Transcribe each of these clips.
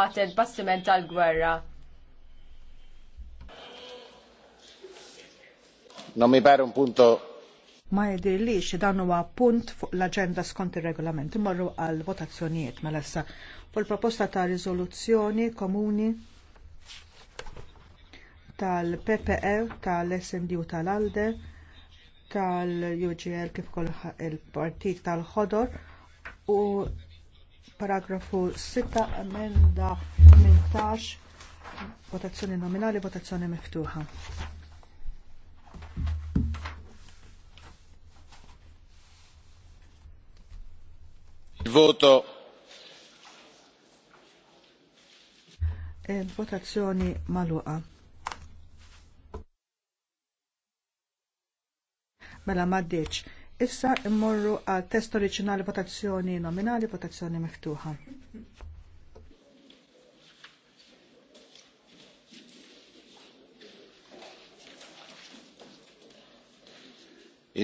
għatel bastiment tal-gwerra. Non mi pare un punto ma jidirlix dan huwa punt fuq l-aġenda skont ir-regolament imorru għal votazzjonijiet mela issa fuq proposta ta' riżoluzzjoni komuni tal-PPE, tal-SND u tal-ALDE, tal-UGL kif kol il-partit tal-ħodor u paragrafu 6 emenda 18 votazzjoni nominali, votazzjoni miftuħa. Voto. E votazzjoni maluqa. Mela maddeċ. Issa immorru għal test oriġinali votazzjoni nominali, votazzjoni miftuħa.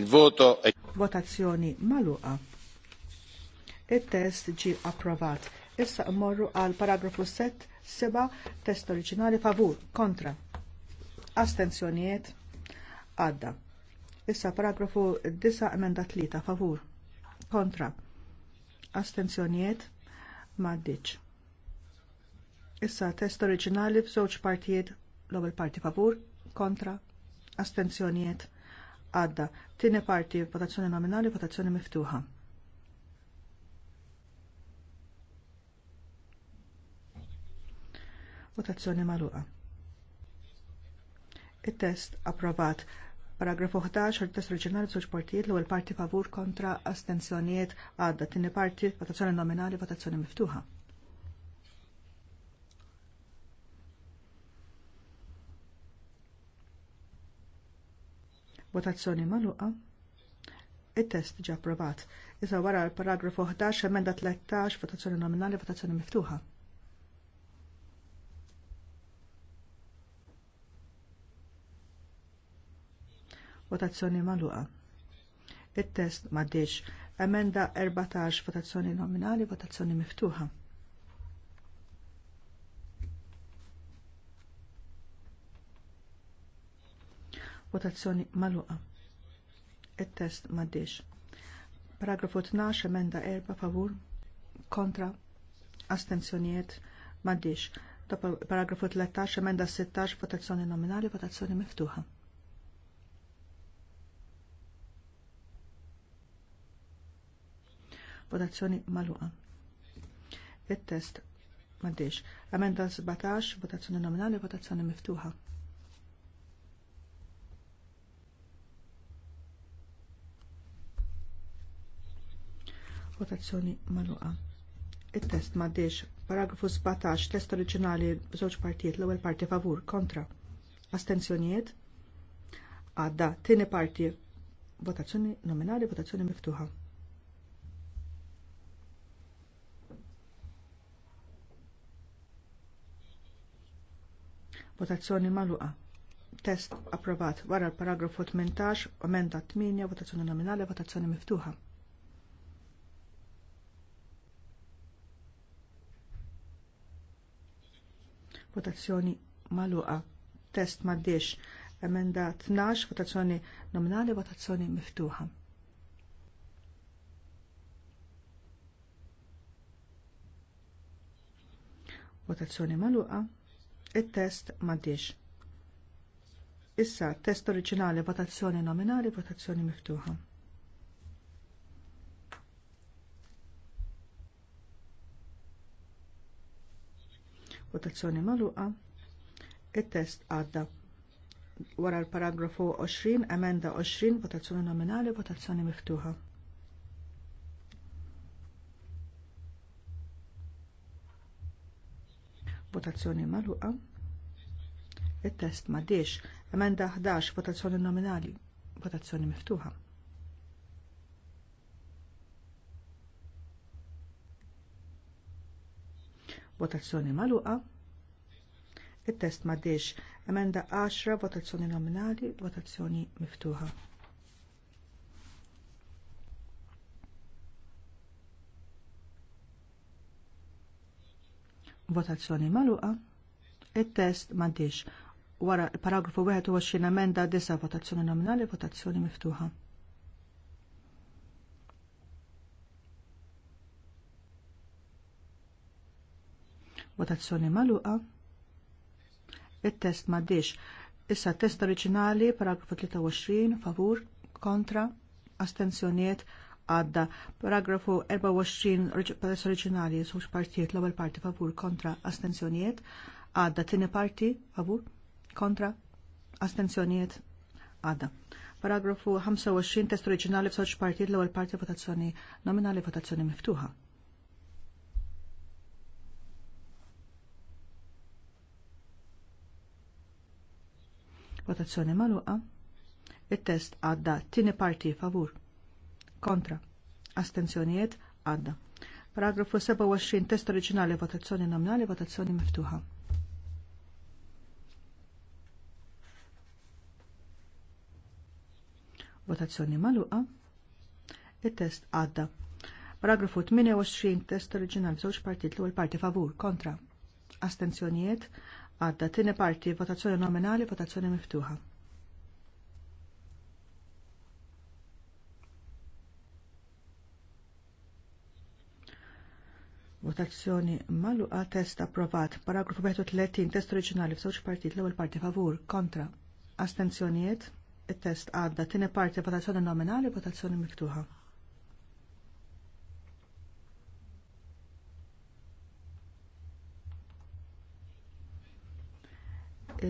Il-voto è... Votazzjoni maluqa. Il-test ġi approvat. Issa immorru għal paragrafu 7, 7, test oriġinali favur, kontra. Astenzjonijiet, għadda. Issa paragrafu 9 emenda 3 favur kontra astenzjonijiet m'għaddiċ. Issa test oriġinali f'żewġ partijiet l-ewwel parti favur kontra astenzjonijiet għadda. Tieni parti votazzjoni nominali votazzjoni miftuħa. votazzjoni magħluqa. it test approvat Paragrafu 11, test oriġinali b'żewġ partijiet l-ewwel parti favur kontra astensjonijiet għadda, t-tini parti votazzjoni nominali votazzjoni miftuħa. Votazzjoni magħluqa. It-test ġa approvat. Issa wara l-paragrafu 11, emenda 13, votazzjoni nominali, votazzjoni miftuħa. votazzjoni magħluqa. Il-test maddiċ. Emenda 14 votazzjoni nominali, votazzjoni miftuħa. Votazzjoni magħluqa. Il-test maddiċ. Paragrafu 12, emenda 4, favur, kontra, astenzjonijiet, maddiċ. Paragrafu 13, emenda 16, votazzjoni nominali, votazzjoni miftuħa. votazzjoni maluqa. Il-test maddiex. Amenda 17, votazzjoni nominali, votazzjoni miftuħa. Votazzjoni maluqa. it test maddiex. Paragrafu 17, test oriġinali b'żewġ partijiet, l-ewwel parti favur, kontra. Astenzjonijiet? Għadda, tieni parti, votazzjoni nominali, votazzjoni miftuħa. Votazzjoni magħluqa. Test approvat wara l-paragrafu 18, emenda 8, votazzjoni nominali, votazzjoni miftuħa. Votazzjoni magħluqa. Test maddiex emenda 12, votazzjoni nominali, votazzjoni miftuħa. votazzjoni magħluqa Il-test maddiex. Issa, test oriġinali votazzjoni nominali, votazzjoni miftuħa. Votazzjoni magħluqa. Il-test għadda. Wara l-paragrafu 20, emenda 20, votazzjoni nominali, votazzjoni miftuħa. votazzjoni magħluqa. Il-test m'għaddiex. Emenda 11 votazzjoni nominali. Votazzjoni miftuħa. Votazzjoni magħluqa. Il-test m'għaddiex. Emenda 10 votazzjoni nominali. Votazzjoni miftuħa. Votazzjoni maluqa. Il-test mantix. Wara paragrafu 21 emenda disa' votazzjoni nominali, votazzjoni miftuħa. Votazzjoni maluqa. Il-test mantix. Issa test oriġinali, paragrafu 23, favur, kontra, astenzjoniet, għadda. Paragrafu 24 pres oriġinali sux partijiet l-ewwel parti favur kontra astensjonijiet. għadda. Tieni parti favur kontra astenzjonijiet għadda. Paragrafu 25 test oriġinali f'żewġ partijiet l-ewwel parti votazzjoni nominali votazzjoni miftuħa. votazzjoni magħluqa, it-test għadda tieni parti favur kontra, astenzjonijiet għadda. Paragrafu 27 test oriġinali votazzjoni nominali votazzjoni miftuħa. Votazzjoni maluqa. Il-test għadda. Paragrafu 28 test oriġinali żewġ partit l-ewwel parti favur kontra. Astenzjonijiet għadda tieni parti votazzjoni nominali votazzjoni miftuħa. Votazzjoni magħluqa test approvat. Paragrafu 31 test oriġinali f'żewġ partit l-ewwel parti favur, kontra. Astenzjonijiet. It-test għadda tieni parti votazzjoni nominali, votazzjoni miftuħa.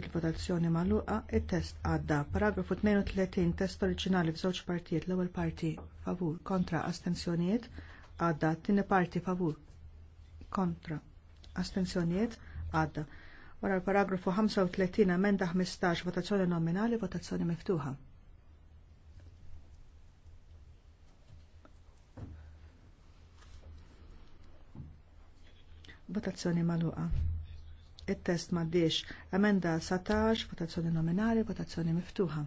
il-votazzjoni magħluqa, it-test għadda. Paragrafu 32 test oriġinali f'żewġ partijiet l-ewwel parti favur kontra astenzjonijiet għadda t-tieni parti favur kontra astensjonijiet għadda. Wara l-paragrafu 35 emenda 15 votazzjoni nominali votazzjoni miftuħa. Votazzjoni maluqa. Il-test maddiex emenda 17 votazzjoni nominali votazzjoni miftuħa.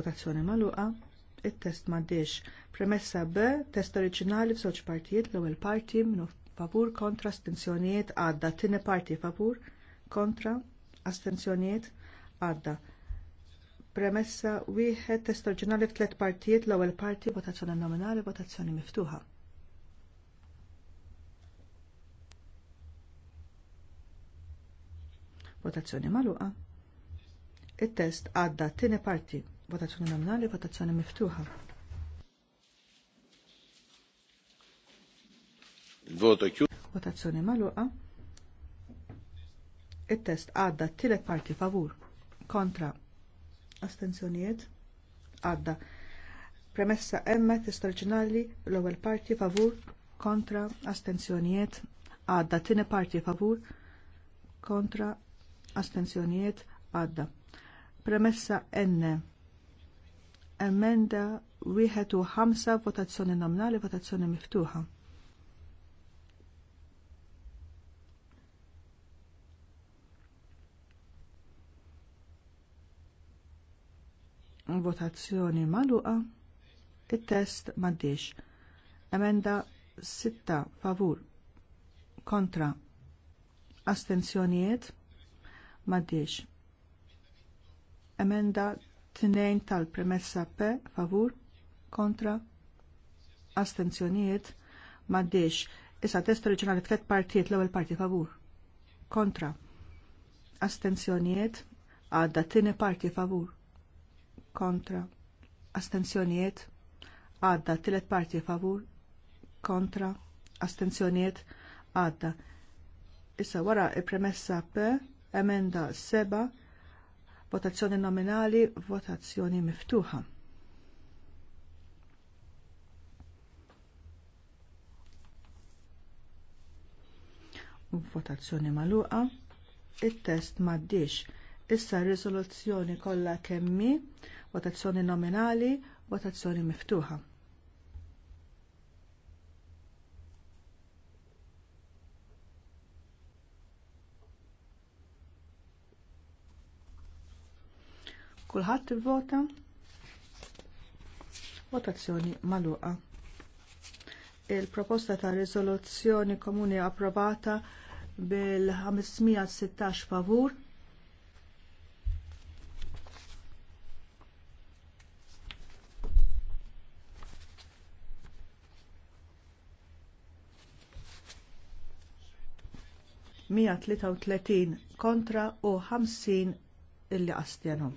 votazzjoni magħluqa, it-test m'għaddiex. Premessa B, test oriġinali f'żewġ partijiet l-ewwel parti minnu favur kontra astenzjonijiet għadda, tieni parti favur kontra astenzjonijiet għadda. Premessa wieħed test oriġinali f'tliet partijiet l-ewwel parti votazzjoni nominali, votazzjoni miftuħa. Votazzjoni magħluqa. it-test għadda t-tieni parti Votazzjoni nominali, votazzjoni miftuħa. Voto chiuso. Votazzjoni magħluqa. Il-test għadda t-tielet parti favur kontra astenzjonijiet għadda. Premessa Emma, test oriġinali l-ewwel parti favur kontra astenzjonijiet għadda tieni parti favur kontra astenzjonijiet għadda. Premessa N emenda wieħed u ħamsa votazzjoni nominali votazzjoni miftuħa. Votazzjoni maluqa. it-test maddiex. Emenda sitta favur kontra astenzjonijiet maddiex. Emenda Tnejn tal-premessa P favur kontra astenzjonijiet m'għaddiex. Issa test oriġinali tliet partijiet l-ewwel parti favur kontra astenzjonijiet għadda tieni parti favur kontra astenzjonijiet għadda tielet parti favur kontra astenzjonijiet għadda. Issa wara il-premessa P emenda seba' Votazzjoni nominali, votazzjoni miftuħa. Votazzjoni magħluqa. Il-test maddiex. Issa r-riżoluzzjoni kollha kemmi, votazzjoni nominali, votazzjoni miftuħa. Kulħadd ivvota. Votazzjoni magħluqa. Il-proposta ta' riżoluzzjoni komuni approvata bil-516 favur. Mija 33 kontra u 50 illi astjanu.